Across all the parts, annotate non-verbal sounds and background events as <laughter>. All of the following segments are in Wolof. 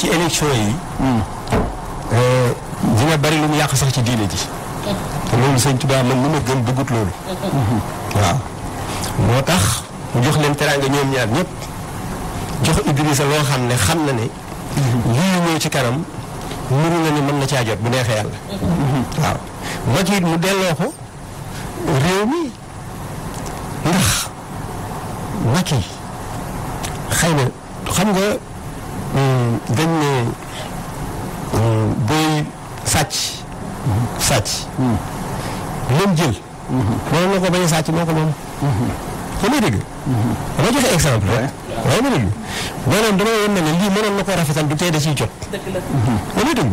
ci élection yi. Euh, dina bari lu mu yàq sax ci diine ji. te loolu sëñ Tuubaa man lu ma gën bëggut loolu. waaw moo tax mu jox leen teraanga ñoom ñaar ñëpp jox Idrissa loo xam ne xam na ne. lii ñëw ci kanam mënu na ni mën na caa jot bu neexee yàlla. waaw Macky it mu delloo ko réew mi ndax Macky xëy na xam nga. Euh, dañ ne euh, booy sàcc. sàcc. lim jël. mënoon na ko bañ a sàcc moo ko moom. xam nga dégg. dama joxe exemple rek. na ko rafetal du tey da ciy jot. dëgg la xam nga dégg.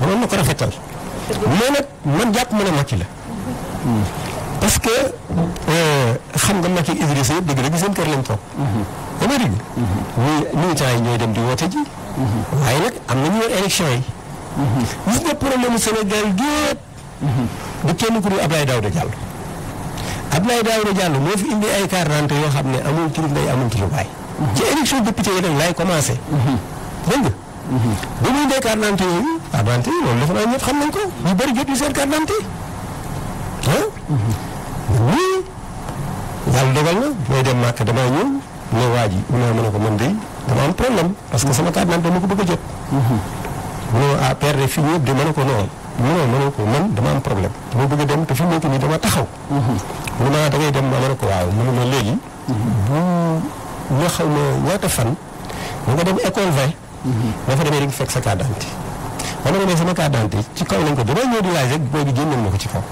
waaw na ko rafetal. mais nag man jàpp ma ne Macky la. parce que euh, xam nga Macky Idrissa yëpp dëgg la seen kër lañ toog. dama dégg. muy mhm. militants yi ñooy dem di woote ji. Mhm. waaye nag am na ñu yor élection yi. Mhm. gis nga problème Sénégal gépp. du kenn ku dul Abdoulaye Daouda Diallo. Abdoulaye Daouda Diallo moo fi indi ay quarante yoo xam ne amul ci élection député yi nag laay commencé. dégg nga. ba muy dee carte d'identité yooyu carte d'identité yi loolu dafa naa ñëpp xam nañ ko ñu bëri jot ñu seen carte d'identité ah. ñun yàlla dogal na mooy dem màkk damaa ñëw. ne waa ji mu ne ma ne ko man de dama am problème parce que sama carte ko bëgg a jot. mu ne ah ma ne ko non mu ne ko man dama am problème bëgg a fi nekk nii dama taxaw. mu ne ah dem ma ne ko waaw mu léegi. bu nga xam ne ñaata fan mu nga dem école vingt. dafa demee rek fekk sa carte d'identité ba ma demee sama carte d'identité ci kaw lañ ko damay ñëw di laaj rek booy génneel ma ko ci kaw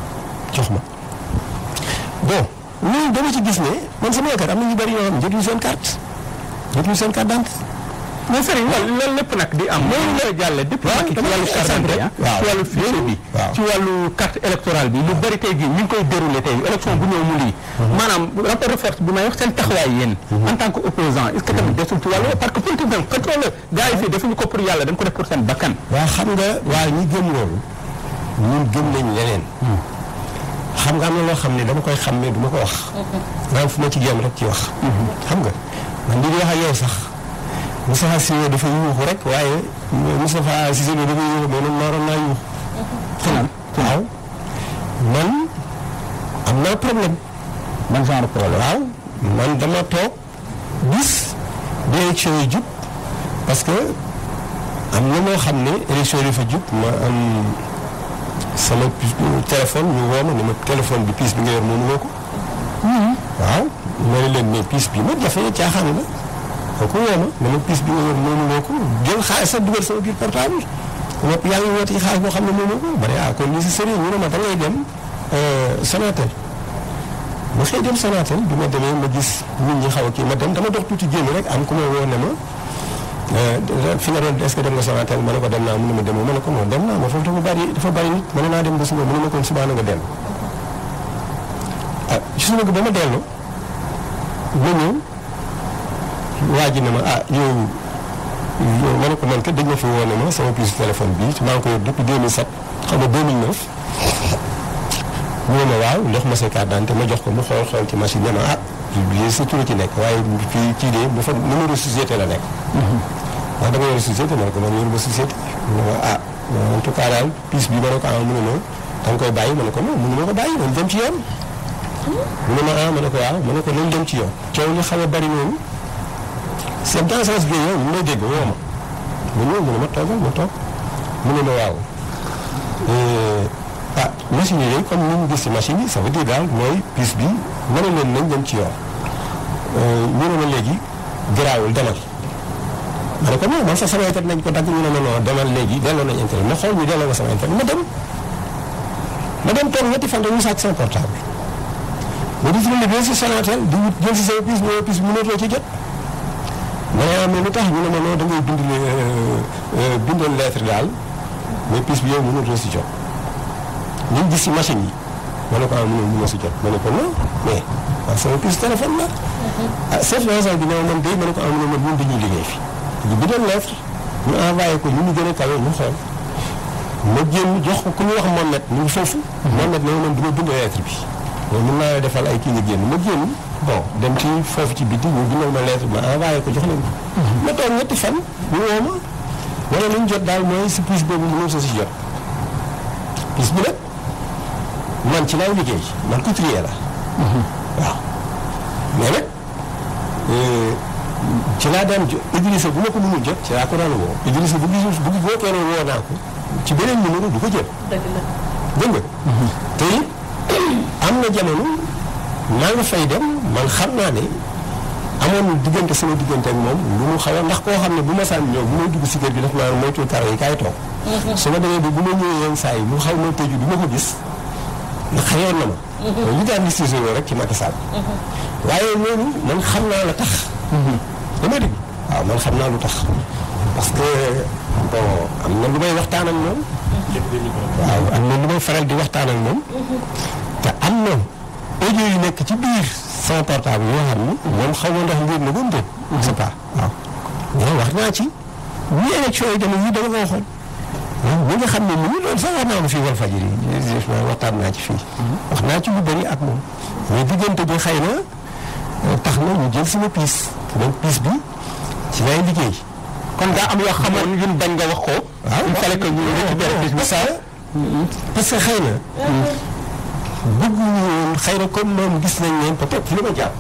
jox ma bon. loolu dama ci gis ne man sama yaakaar am na ñu bëri yoo xam ne jotuñu seen carte jotuñu seen carte d'identité. lépp nag di am. loolu la jàlle depuis ci wàllu carte ci wàllu fichier bi ci wàllu carte électorale bi lu bëri tey jii ñu ngi koy déroulé tey élection bu ñëw mu mhm. maanaam rapport bu may wax seen taxawaay yéen mhm. en tant mhm. parce que politique nag la gars ko pour yàlla dañ ko def pour seen bakkan waaw xam nga waaw ñi gëm loolu ñun gëm nañ leneen hmm. xam nga am na loo xam ne dama koy xam ne du ma ko wax. daanaka fu ma ci jéem rek ci wax. xam nga man li ñu wax ak yow sax Moustapha Cissé dafa yuuxu rek waaye Moustapha Cissé dafa yuuxu mais man naroon naa yuuxu. waaw man am naa problème. man genre problème waaw man dama toog bis bi élection yi jub parce que am na moo xam ne élection yi dafa jub sama téléphone ñu woo ma ne ma téléphone bi piis bi nga yor moomu loo ko. Hmm. waaw ma ne leen mais piis bi ma jafe caaxaan la kooku woo ma ne ma piis bi nga yor moomu loo ko jël xaalis sax dugal sama biir portable lépp yaa ngi woote ci xaalis boo xam ne moom moomu ko ba ne ah kon li si sëriñ ñu ne ma da dem euh, Sonatel ma xëy dem Sonatel bi demee ma gis nit ñi xaw a kii ma dem dama dox tuuti génn rek am ku ma woo ne ma. Eh, fi nga doon est-ce que dem nga Sonatel ma ne ko dem naa mu ne ma demoo ma ne ko non dem naa ma foofu dafa bari dafa bari mën naa dem ba suba mën na ko suba na nga ah, ba ma dellu ma ñëw waa ji ne ma ah yow yow ma ko man kat dañ ma fi woo ne ma sama puce téléphone bii maa ngi ko yor depuis 2007 xam nga 2009 ñu ne a waaw jox ma sa carte d'identité ma jox ko mu xool xool ci machine ne ma ah. publier sa tur ci nekk waaye fii kii de bu fa numéro société la nekk. wax dama yor société ah, ma ne ko man yor ba société. ah en ko koy bàyyi ma ne ko non bàyyi man dem ci yoon. ma ah ma ko ma ne ko nañ dem ci yoon. coow li xaw a bari noonu c'est dans sens ma. mu ñëw mu ma toogal ma toog mu ne ma waaw euh, ah machine yi comme ni ñu gis si machine yi ça veut daal mooy piis bi mën na leen nañ dem ci yoon. Euh, ñu ne ma léegi garaawul demal ma ne ko non man sax sama internet nañ ko dagg ñu ne ma non léegi delloo nañ internet ma xool ñu delloo ma sama internet ma dem ma dem toog ñetti fan rek ñu sàcc sama portable ma jël si Sonatel di wut jël si say puce ñëw puce mënatoo ci jot ma ne ah, mais lu tax ñu ne ma non da ngay bind euh, euh, bindoon lettre daal mais puce bi yow mënatoo si jot ñu gis si machine yi. ma ne ko ah mu ma si jot ma ne ko non mais waaw ah, sama piste téléphone la. ah chef d'agence bi ne ma man de ma ne ko ah mu ne ma ñun dañuy liggéey fi ñu bindoon lettre ñu envoyé ko ñu ñu gën a kawe ñu xool ma génn jox ko ku ñu wax Mohamed mu ngi foofu. Mohamed ne ma man du ma bind lettre bi. mais mën naa la defal ay kii nga génn ma génn bon dem ci foofu ci biti ñu bindal ma lettre ma envoyé ko jox leen ko. ma toog ñetti fan ñu woo ma wala li ñu jot daal mooy si piste boobu mënoo sa si jot piste bi nag. man ci laay liggéey man couturier la. waaw mais nag euh, ci laa daan jo Idrissa bu ma ko mënul jot ci laa ko daan woo Idrissa bu gis bu boo keneen naa ko ci beneen numéro du ko jël. dëgg la dégg am na jamono maa nga fay dem man xam naa ne amoon diggante sama diggante ak moom lu mu xaw a ne bu ma sànni ñëw bu may dugg si kër gi daf maa moytu karo yi kaay toog. Mm-hmm. su ma demee ba bu ma ñëwee yenn saa yi mu xaw ma tëju du ma ko gis. ndax xayoon na ma. li daan décision rek ci Macky Sall. Mhm. waaye loolu man xam naa la tax. Mhm. man xam naa lu tax parce que bon am na lu may waxtaan ak moom. waaw am di waxtaan ak moom. Mhm. te am na audio yu nekk ci biir sama portable yoo xam ni moom xaw ma ndax ngir na wax naa ci. ñii élection yi demee yii dama ko waxoon. ñi nga xam ne nii loolu sax wax naa ko fii yi waxtaan naa ci fii. wax naa ci lu bëri ak moom. mais diggante bi xëy na euh, tax na ñu jël suma piis donc piis bi ci lay liggéey. kon daa am yoo xamoon yun bañ nga wax ko. waaw ah, il fallait que ñu récupérer piis bi ça. parce que xëy na. bëgg woon xëy na comme moom gis nañ leen peut-être li ma jàpp.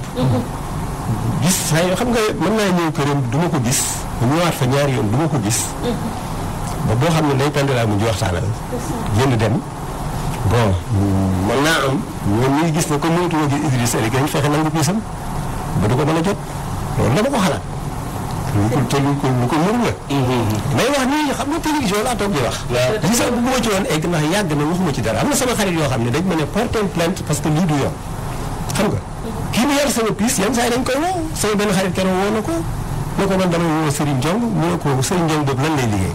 gis xëy na xam nga mën naa ñëw këram duma ko gis. ñëwaat fa ñaari yoon du ma ko gis. ba boo xam ne day pend laa mujj waxtaanal. génn dem. bon mën naa am ñoom ñuy gis ne comme mënatu ma gis Idriss Seck dañ fexe nangu biisam ba du ko a jot loolu dama ko xalaat. lu ko ko lu ko mënul mm-hmm. xam nga télévision laa toog di wax. waaw li sax bëgguma ci woon ndax yàgg na waxuma ci dara am na sama xarit yoo xam ne dañ ma ne porter plainte que du yoon. xam kii bi yar sama piis yenn saa yi dañ koy woo sama benn xarit keroog woo na ko ne ko dama woo Serigne Diong mu ne ko Serigne Diong boobu lan lay liggéey.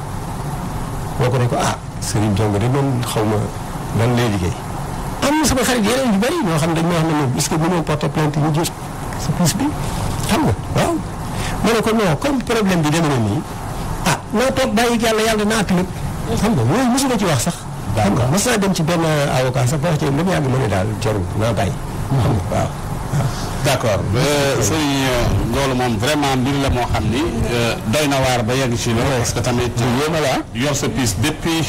boo ko ne ko ah Serigne Ndongo de man xaw ma lan lay liggéey. am na sama xarit yeneen yu bëri ñoo xam dañ ma wax ne moom est-ce que mënoo porter plainte ñu jël sa puce bi xam nga waaw. ma ne ko non comme problème bi demee na nii ah naa toog bàyyi yàlla yàlla naa at lépp. xam nga loolu mosuma ci wax sax. xam nga mos naa dem ci benn avocat sax boo xoolee lu mu yàgg mën a daal jarul naa bàyyi. xam nga waaw. d' accord euh, sëriñ euh, loolu moom vraiment mbir la moo xam ni euh, doy na waar ba yegg ci loolu parce que tamit yéena la yor sa piis depuis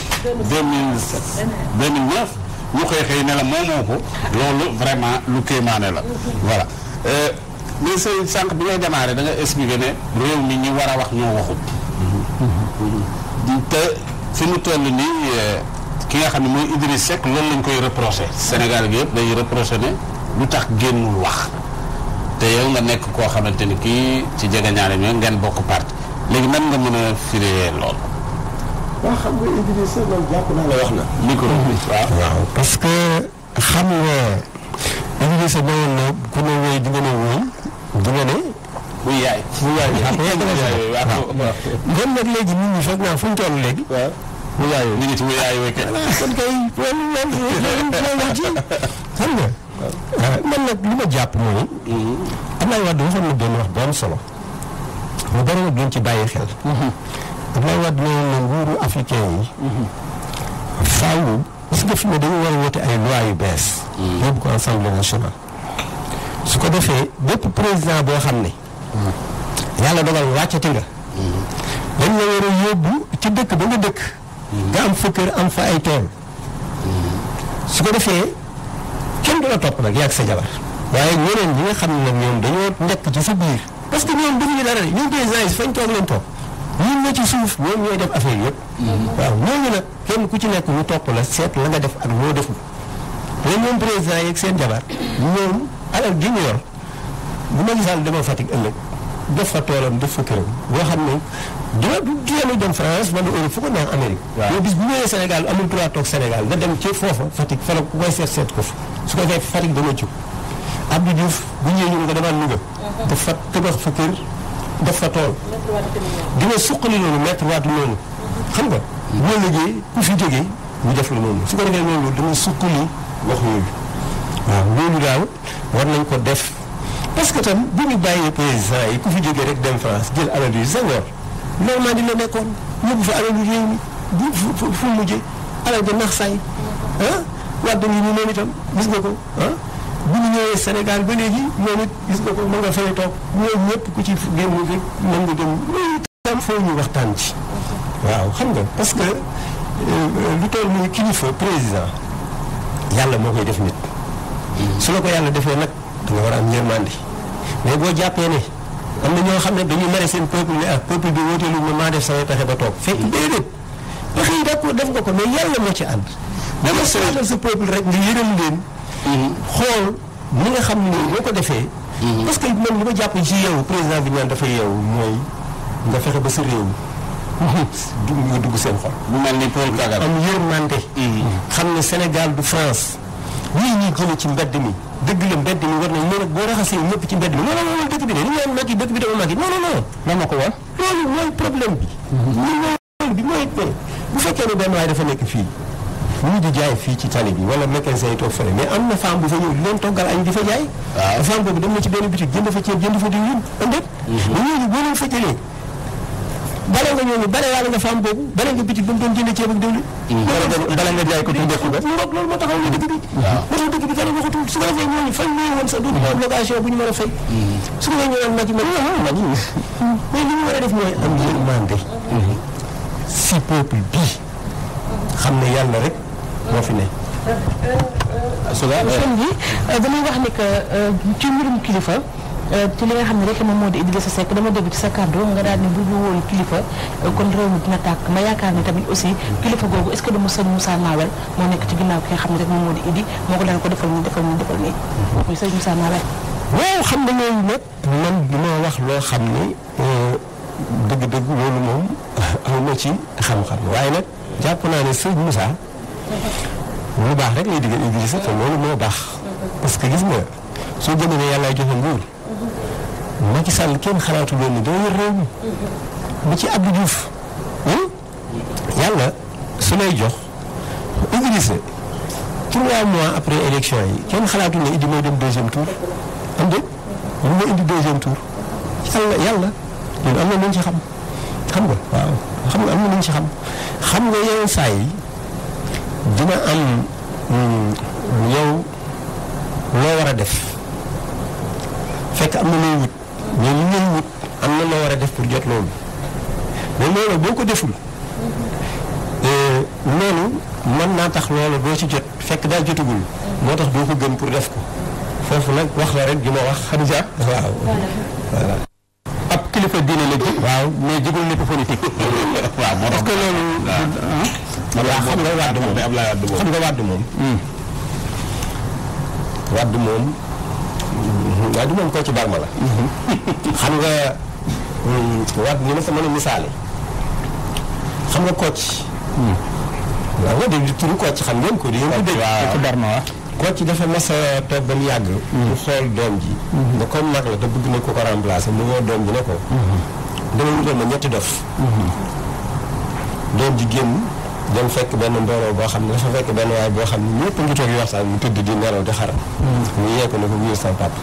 deux mille sept deux mille neuf ñu xëy xëy ne la moomoo ko loolu vraiment lu kéemaane la voilà mais sëriñ sànq bi ngay démarré da nga expliqué ne réew mi ñi war a wax ñoo waxut te fi mu toll nii ki nga xam ne mooy Idriss Seck loolu lañ koy reproché Sénégal gi yëpp day reproché ne lu tax génnul wax te yow nga nekk koo xamante ni kii ci jegeñaale ñoom ngeen bokk parti léegi nan nga mën a firee lool. waaw xam nga Idrissa loolu jàpp naa la wax na. micro bi waaw. parce que xam nga Idrissa doyoon na ku ne wéy di nga ne wéy di nga ne. bu yaay bu yaay kon nag léegi nit ñi foog naa fu ñu toll léegi. waaw bu yaay ñu ngi ci bu yaay kay. kon kay loolu loolu loolu wax ci xam nga. man nag li ma jàpp mooy. Abdoulaye Wade waxoon na benn wax bu am solo. mu bëri nag doon ci bàyyi xel. Abdoulaye Wade nee na nguuru africain yi. faaw gis nga fi war a wote ay loi yu bees. yóbbu ko assemblée nationale. su ko defee bépp président boo xam ne. yàlla dogal wàccati nga. dañ la war yóbbu ci dëkk ba nga dëkk. nga am fa kër am fa ay tool. su ko defee. kenn du la topp nag yàgg sa jabar waaye ñeneen ñi nga xam ne nag ñoom dañoo nekk ci sa biir parce que ñoom defuñu dara de ñoom président yi fañ toog leen ci suuf ñoom ñooy def affaire yëpp. waaw ñooñu nag kenn ku ci nekk ñu topp la seet la nga def ak loo deful. mais ñoom président yeeg seen jabar ñu yor bu ma gisaan dama Fatick ëllëg def fa toolam def fa këram boo xam ne dina du dem France wala Europe fu ko neex Amérique. waaw bis bu ñëwee Sénégal amul droit toog Sénégal nga dem ci foofa Fatick fa ku koy seet seet ko fa. su ko defee Fatick dana jóg Abdou Diouf bu ñëwee ñu ne ko demal Louga. Mhm. dafa tabax fa kër def fa tool. dina suqali loolu mettre waat loolu. Mhm. xam nga. boo liggéey ku fi jógee ñu def la noonu su ko defee loolu dana suqali wax yooyu. waaw daal war nañ ko def parce que tam bu ñu bàyyee paysans yi ku fi jógee rek dem France jël alal yu Senghor Normandie la nekkoon yóbbu fa alal yu réew bu fu fu mujjee alal ba nax say mhm. wante ngi nii moom itam gis nga ko ah bu ñu ñëwee Sénégal ba léegi moom it gis nga ko ci génn rek mën nga dem loolu itam foo waxtaan ci waaw xam nga parce que euh, lu toll muy kilifa président yàlla moo koy def nit su la ko yàlla defee nag da war a am yërmande mais boo jàppee ne am na ñoo xam ne dañuy mere seen peuple ne ak ah, peuple bi wóoteelu ma maa def samay pexe ba toog fekk déedéet pexe yi def nga ko mais yàlla moo ci ànd dama soxla sa peuple rek nga yërëm leen. Mhm. xool ni nga xam ne boo ko defee. Mhm. parce que man li ma jàpp ci yow président bi ñaan dafa yow mooy nga fexe ba sa réew dugg nga dugg seen xol. mu mel ni Paul Kagame am yërmande. Mhm. xam ne Sénégal du France. ñii ñuy jëlee ci mbedd mi. dëgg la mbedd mi war nañ mën a boo raxasee ñëpp ci mbedd mi non non non dëkk bi de li ñu naan mag yi dëkk bi dama mag yi non non non. na ma ko war. loolu mooy problème bi. li mooy problème bi mooy bu fekkee ne benn waay dafa nekk fii. ñu di jaay fii ci tali bi wala mécanicien yi toog fële mais am na femme bu fa ñëw di leen toggal añ di fa jaay. waaw femme boobu dem na ci benn boutique jënd fa ceeb jënd fa diwlin am mhm. déet. mais ñooñu boo leen fa jëlee bale nga ñooñu bale waale nga femme boobu bale nga boutique ba mu doon jënd ceeb ak diwlin. Mhm. bale nga jaay ko pour dëkk ba loolu moo taxaw ñu dëkk bi. waaw moo tax dëkk bi kenn waxatul su ko defee ñooñu fan ñëwee woon sax dootu am mhm. location bu ñu mën a fay. su ko defee ñooñu mag yi mag yi mag yi mais li ñu war a def mooy am yërmande si peuple bi xam ne yàlla rek moo fi ne. sëñ bi euh, euh, damay wax ni que euh, ci mbirum kilifa ci li nga xam ne rek moom moo di sa Seck dama dégg ci sa kàddu nga daal ni bu ñu kilifa kon réew mi dina tàkk ma yaakaar ni tamit aussi kilifa googu est-ce que du mu sëñ Moussa Nawel moo nekk ci ginnaaw ki xam ne rek moom moo moo ko daan ko defal nii defal nii defal xam nga loolu man duma wax loo xam ni dëgg-dëgg loolu moom <laughs> aw ci xam-xam waaye nag jàpp naa ne sëñ Moussa. lu baax rek lay digal Idrissa te loolu moo baax. parce que gis nga soo jëmee ne yàlla joxe nguur. ci Sall kenn xalaatu loolu ni doo mi. ba ci Abdou Diouf. yàlla su lay jox Idrissa trois mois après élection yi kenn xalaatu ne Idi mooy dem deuxième tour. am dégg lu ma indi deuxième tour yàlla yàlla ñun am na luñ ci xam xam nga waaw xam nga am na luñ ci xam xam nga yeneen saa yi. dina am hmm, yow loo war a def fekk am na loo wut mais li ngeen wut am na loo war a def pour jot loolu mais loolu boo ko deful eh, loolu mën naa tax loolu doo ci jot fekk daa jotagul moo tax doo ko gën pour def ko foofu nag wax la rek ju wax xam nga waaw ab kilifa diine la ji. waaw mais jigul nitu politique. <laughs> waaw moo tax loolu. waaw ah, xam nga wàdd moom Ablaye moom xam moom. Hmm. wàdd moom. koo ci barma la. Hmm. xam nga hmm, wàdd ni ma sa misaale. xam nga kooc. waaw nga dégg turu kooc xam ngeen ko. di yëngu dégg ci barma waaw. koo ci dafa mas a toog ba mu yàgg. mu xool doom ji. Mhm. nga comme na ko ko remplacer mu woo doom ji ne ko. Mhm. dama wutal ma mhm. ji génn dem fekk benn mbooloo boo xam ne dafa fekk benn waay boo xam ne ñëpp ngi toog mu tëdd di nelaw di xaram. mu yee ko ne ko wuyul sama papa.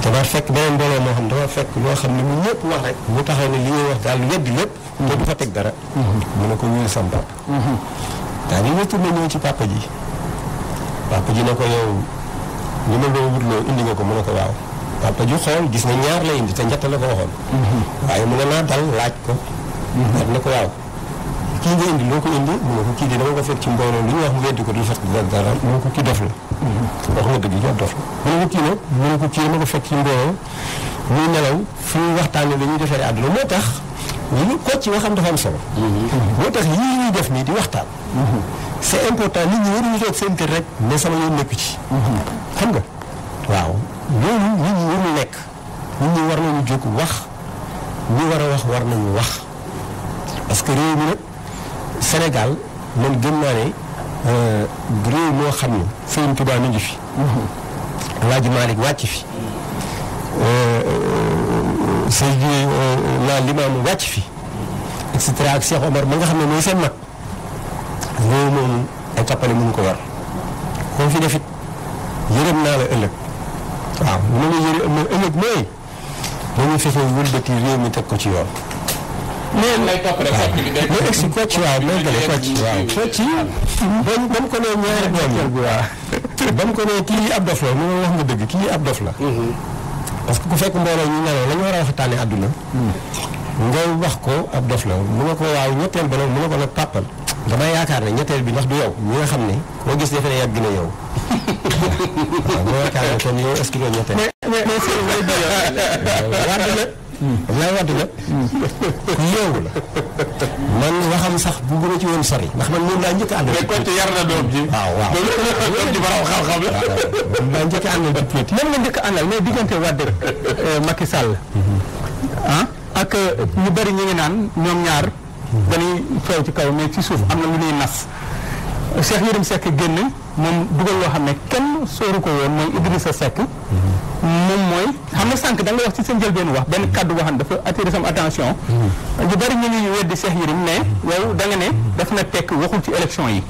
te daal fekk beneen mbooloo moo xam dafa fekk ne wax rek mu taxaw ne li ñuy wax daal weddi lépp te du fa teg dara mu ne ko wuyul sama papa. daal di retourné ñëw ci papa ji papa ji ne ko yow li ma doon indi nga ko mu ne ko waaw papa ji xool gis na ñaar la indi te ñett la ko waxoon. Mm-hmm. waaye mu ne naa dal laaj ko. Mm-hmm. laaj na ko waaw. kii nga indi loo ko indi mu ne ko kii di dama ko fekk ci mbooloo lu ñu wax mu weddi ko du fekk dara mu ne ko kii dof la. Mm-hmm. wax nga dëgg yow dof la. mu ko kii nag mu ne ko fekk ci mbooloo muy nelaw fu mu lañuy dañuy defaree àdduna moo tax. ñu ko ci waxam dafa am solo. moo tax yii ñuy def nii di waxtaan. c'est important nit ñi waruñu toog seen kër rek mais sama yoon nekku ci. xam nga waaw loolu nit ñi warul nekk nit ñi war nañu jóg wax ñi war a wax war nañu wax parce que réew mi nag Sénégal man gën naa ne euh, réew moo xam ne Sëriñ Tuubaa mi ngi fi. Alaaji Maalik wàcc fi euh, euh, Seydi naa Limaamu wàcc fi et ak Cheikh Omar ma nga xam ne mooy seen mag. réew moom a tappale mënu ko war koo fi defit yërëm naa la ëllëg waaw bu ma la yërëm ëllëg mooy dañuy fexe wëlbati réew teg ko ci yoon. mais a kocc waaw ba mu ko nee ñaari doom <laughs> ko nee kii ab dof la mu wax nga dëgg kii ab dof la mm-hmm. parce que ku fekk mbooloo ñu nelaw la ñu war a àdduna mm. nga wax ko ab dof la mu ko waaw ñetteel ba nag pàppal damay yaakaar ne ñetteel bi ndax du yow ñi nga xam ne boo gis defe ne yàgg na yow. <laughs> waaw boo yaakaar ne kon yow est-ce que yow ñetteel. mais mais mais sëñ wadd la. ku yeewu la. man waxam sax bu gën a ci woon sori ndax man moom laa njëkk a ànd. mais kon yar na doom ji. Ah, waaw la. moom laa a la njëkk a mais diggante Wade euh, Macky Sall. Mhm. ah ak euh, ñu bari ñu ngi naan ñoom ñaar. dañuy feew ci kaw mais ci suuf am na lu ñuy nas Cheikh Yérim Seck génn moom dugal loo xam ne kenn sóoru ko woon mooy sa Seck moom mooy xam nga sànq da wax ci seen jël benn wax benn kàddu boo xam dafa attiré sama attention ñu bëri ñu ngi weddi Cheikh Yérim mais yow da nga ne daf na tekk waxul ci élection yi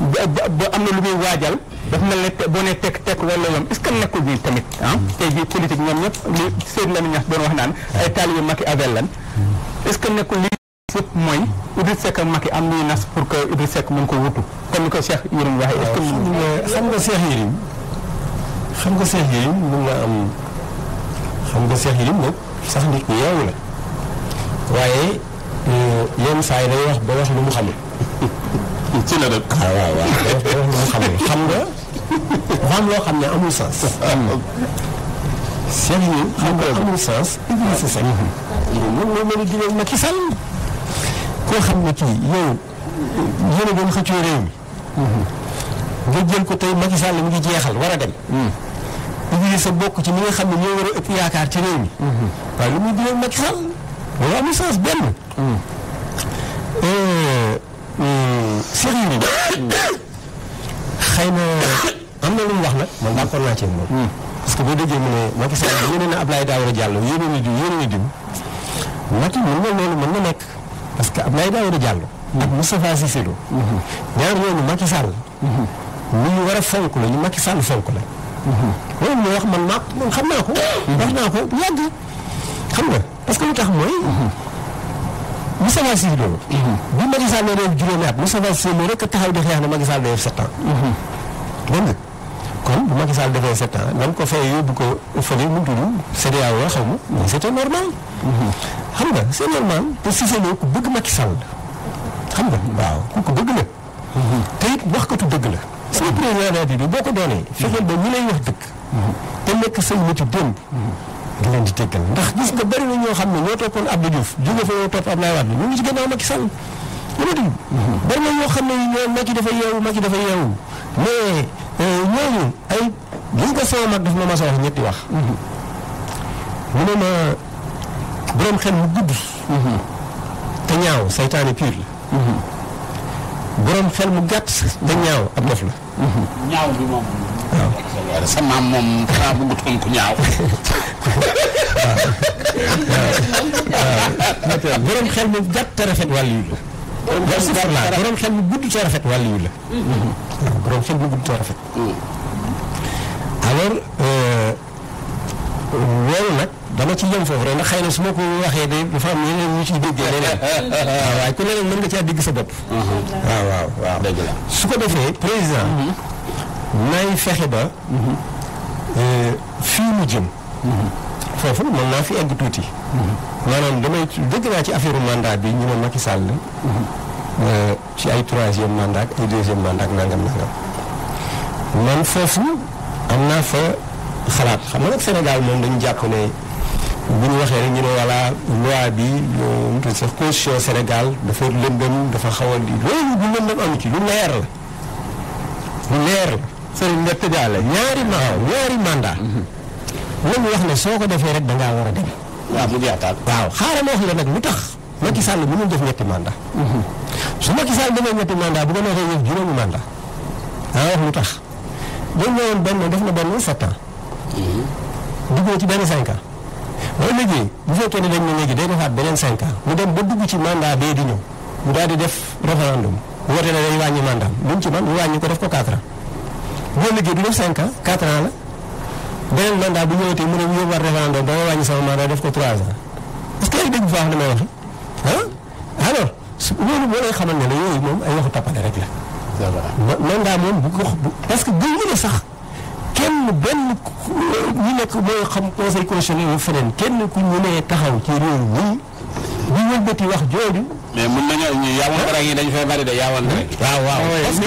ba am na lu muy waajal daf mel ne boo ne tekk tekk wala yoon est que nekkul nii tamit ah tey jii politique ñoom ñëpp li Seydou Lamine Niass doon wax naan ay taalibe Macky Avel lan est ce que sëpp mooy Idriss Seck ak am luy nas pour que Idriss Seck mën ko wutu comme ko Cheikh Yérim waxee. est-ce que xam nga xam nga seex Yérim mën na am xam nga Cheikh sax nit waaye euh, yenn saa yi day wax ba wax lu mu xamul. nga am loo xam ne amul sens. Cheikh Yérim nga amul sens. Idriss Seck. koo xam ne kii yow yéen a doon xëccoo réew mi. nga jël ko tey Macky Sall mi ngi jeexal war a dem. di sa bokk ci ñi nga xam ne ñoo war a ëpp yaakaar ci réew mi. waaye lu euh, euh, na am wax nag man d'accord naa ci moom. Hmm. parce boo déggee mu ne Macky Sall yéene na Abdoulaye Daouda Diallo yéene na diw yéene na diw. Macky mën na loolu mën na nekk. parce que a Daouda Diallo. ak Moustapha Cissé Lo. ñaar ñooñu Macky Sall. lu ñu war a fonk la ñu Macky Sall fonk la. loolu mooy wax man maa man xam naa ko. wax naa ko yàgg xam nga parce que lu tax mooy. Moustapha Cissé Lo. bu Macky Sall nee juróomi at Moustapha Cissé Lo rek taxaw di xeex ne Macky Sall day def sept ans. bu Macky Sall defee sept ans na ko fay yóbbu ko fële mu tudd CEDEAO waa xaw ma mais c'était normal. xam nga c'est normal pour Cissé bëgg Macky Sall xam nga waaw ku ko bëgg la. te it waxkatu dëgg la. sa président daal bi boo ko doonee. fexeel ba ñu lay wax dëgg. te nekk say métti démb. di leen di teggal ndax gis nga bëri na ñoo xam ne ñoo toppoon Abdou Diouf jóge fa ñoo topp Abdoulaye Wade ñu ngi ci gannaaw Macky Sall. dama na ñoo xam ne ñoo Macky dafa yeewu Macky dafa yeewu mais. Eh, ñooñu ay buñ ko sama mag daf ma mas a ñetti wax. Mhm. mu ne ma borom xel mu gudd. Mhm. te ñaaw saytaane pur la. Mhm. borom mu gàtt te ñaaw ab dof la. ñaaw <laughs> xel mu gàtt te rafet wàll yu la. rafet wàll borom xel bu gudd te rafet. alors euh, loolu nag dama ci yem foofu rek ndax xëy na su ma ko waxee de dafa am yeneen ñu ciy déggee leneen. <laughs> waaw waaye mhm. waaw waaw waaw. su ko defee président. Mhm. nay fexe ba. Mhm. Euh, fii mu jëm. foofu mën naa fi egg tuuti. maanaam damay dégg naa ci affaire mandat bi ñu ne Macky Sall Euh, ci ay troisième mandat ak ay deuxième mandat ak nangam nangam man foofu am naa fa xalaat xam na nag Sénégal moom dañu jàpp ne bu ñu waxee rek ñu ne voilà loi bi ñu tudd sax constitution dafa xaw di loolu ci lu leer la lu leer la. sëriñ nga tëjaale ñaari ma ñaari mandat lañu wax ne soo ko defee rek da ngaa a dem. waaw mu def ñetti mandat mhm. su Macky Sall demee ñetti mandaa bu ko neexee yëf juróomi mandat daa ah, wax mu tax boo ñëwoon benn def na benn sept ans. Mhm. duggoo ci benn cinq ans. bu fekkee ne dañ ne léegi day defaat beneen cinq mu dem ba ci mandat bee di mu daal di def référendum woote na day wàññi mandat luñ ci man ñu ko def ko quatre ans boo léegi du def la beneen bu ñëwatee mu ne ñu yóbbuwaat référendum dama def ko trois ans que yéen dégg bu loolu moo lay xamal ne la yooyu moom ay waxu tappale rek la. mandat moom bu ko parce que gëmuñu benn ñu nekk mooy xam conseil constitutionnel feneen kenn ku taxaw ci réew mi bu wëlbati wax jooju. mais mën nañoo ñu yaawon rek yi dañu fay bari de yaawon rek. Hmm? waaw waaw parce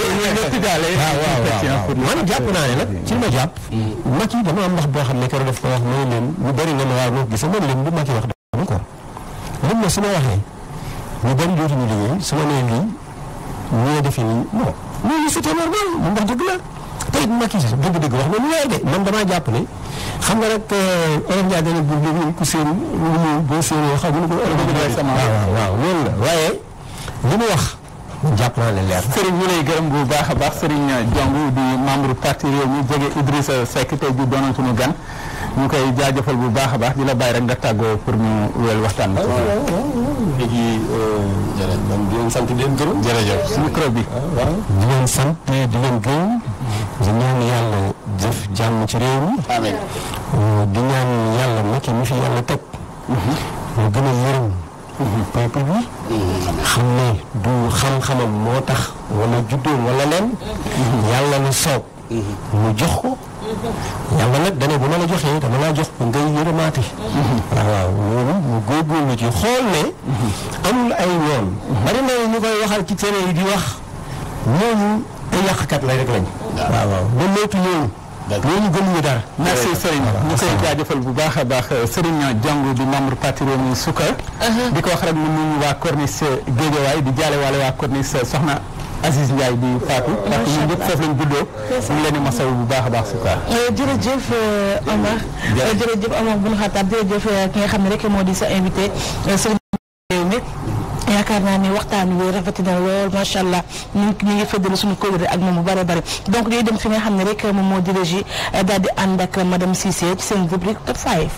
que waaw waaw naa ne nag ci ma jàpp. Hmm. Macky dama am wax boo xam ne ko wax mooy leen lu bari nga ma waaw moo wax ko. moom su ma waxee. ñu bëri dootuñu liggéey su ma nee lii ñoo defe nii non loolu c'était dëgg la tey it Macky dëgg-dëgg wax na lu leer de man damaa jàpp ne xam nga rek euh, Olof Ndiaye bu déglu ku seen lu mu boo séenoo xam nga ko Olof sama waaw loolu la waaye li mu wax jàpp naa leen leer Serigne ñu lay gërëm bu baax a baax Serigne Diango bi membre parti mu jege Idrissa Seck tey ju doonoon suñu gan ñu koy jaajëfal bu baax a baax di la bàyyi rek nga tàggoo pour ñu wéyal waxtaan bi. léegi euh, leen sant di leen gërëm. jërëjëf micro bi. Ah, di leen sant ñaan yàlla jëf jàmm ci réew mi. amiin euh, di ñaan yàlla Macky mi fi yàlla teg. Mhm. mu gën a yërëm. Mhm. bi. Mhm. xam ne du xam-xamam moo tax wala juddoom wala leen. yàlla na soob. mu jox ko. yàlla nag dana bu ma la joxee dama laa jox ko ngay yërëmaate. waaw loolu mu góorgóorlu ci xool ne. amul ay yoon. bari na ñu koy waxal ci télé yi di wax ñooñu ay yàqkat la rek lañ. waaw waaw ba moytu ñooñu. loolu gënuñu dara. merci Serigne ñu koy jaajëfal bu baax a baax Serigne Diango di membre parti Rewmi Sukkar. Uh-huh. di ko wax rek mu nuyu waa Corniche Guédiawaye di jaale waale waa Corniche soxna. Aziz Ndiaye di Fatou. parce que ñun ñëpp foofu lañ juddoo. ñu leen di masawu bu baax a baax si quoi. Euh, euh, euh, jërëjëf Omar. jërëjëf jërëjëf Omar bu ñu xaataat jërëjëf ki nga xam ne rek moo di sa invité. yaakaar naa ne waxtaan wi rafet na lool macha allah ñu ñu ngi fëddal suñu kóolóore ak moom bu bare bare donc ñuy dem fi nga xam ne rek moom moo dirigé daal di ànd ak madame Cissé ci seen rubrique top 5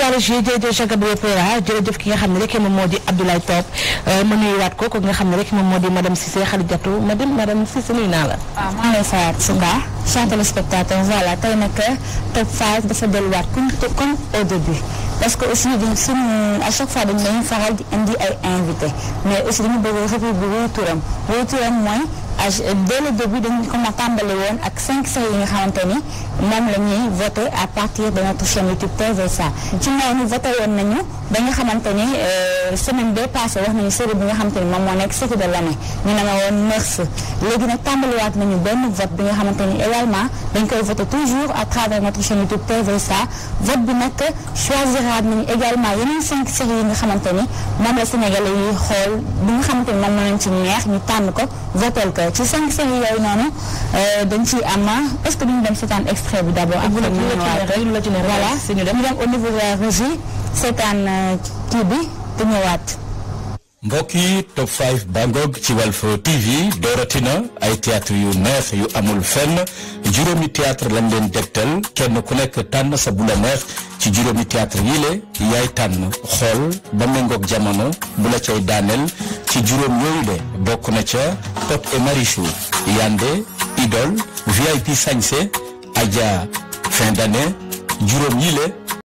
URG DG Gabriel Pereira jërëjëf ki nga xam ne rek moom moo di Abdoulaye Top euh, ma nuyuwaat ko ko nga xam ne rek moom moo di madame Cissé Khadijatou madame madame Cissé nuyu naa la. waaw ah, maa ngi lay fayaat si mbaa chers téléspectateurs voilà tey nag euh, Top 5 dafa delluwaat comme comme au début parce que aussi dañ suñu à chaque fois dañu leen faral di indi ay invités mais aussi dañu bëgg a rëbbi bu wuyu mooy. Euh, dès le début dañu ko ma tàmbali woon ak cinq say yi nga xamante ni moom la ñuy voté à partir de notre chaîne YouTube TVSA ci noonu voté woon nañu ba nga xamante ni euh, semaine bee passé wax nañu série bi nga xamante ni moom moo nekk série de l'année ñu ne ma woon Mœurs léegi nag tàmbaliwaat nañu benn vote bi nga xamante ni également dañ koy voté toujours à travers notre chaîne YouTube TVSA vote bi nag choisiraat nañu également yeneen cinq séries yi nga xamante ni moom la Sénégalais yi xool bi nga xamante ni moom moo leen ci neex ñu tànn ko votel ko ci cinq séries yooyu noonu euh, dañ ciy am parce que duñu dem seetaan extrait bi d'abord. ak ñu la ci voilà ñu dem au niveau de la régie seetaan euh, kii bi te ñëwaat. mbokk yi top 5 bangog ci Walf TV dooratina ay théâtre yu neex yu amul fenn juróomi théâtre lañ leen dégtal kenn ku nekk tànn sa bu neex ci juróomi théâtre yi le yaay tànn xool ba méngoog jamono bu la cay daaneel ci juróom yooyu le bokk na ca Pod et Marichou Yandé Idole VIP Sañse Adja fin d'année juróom yi le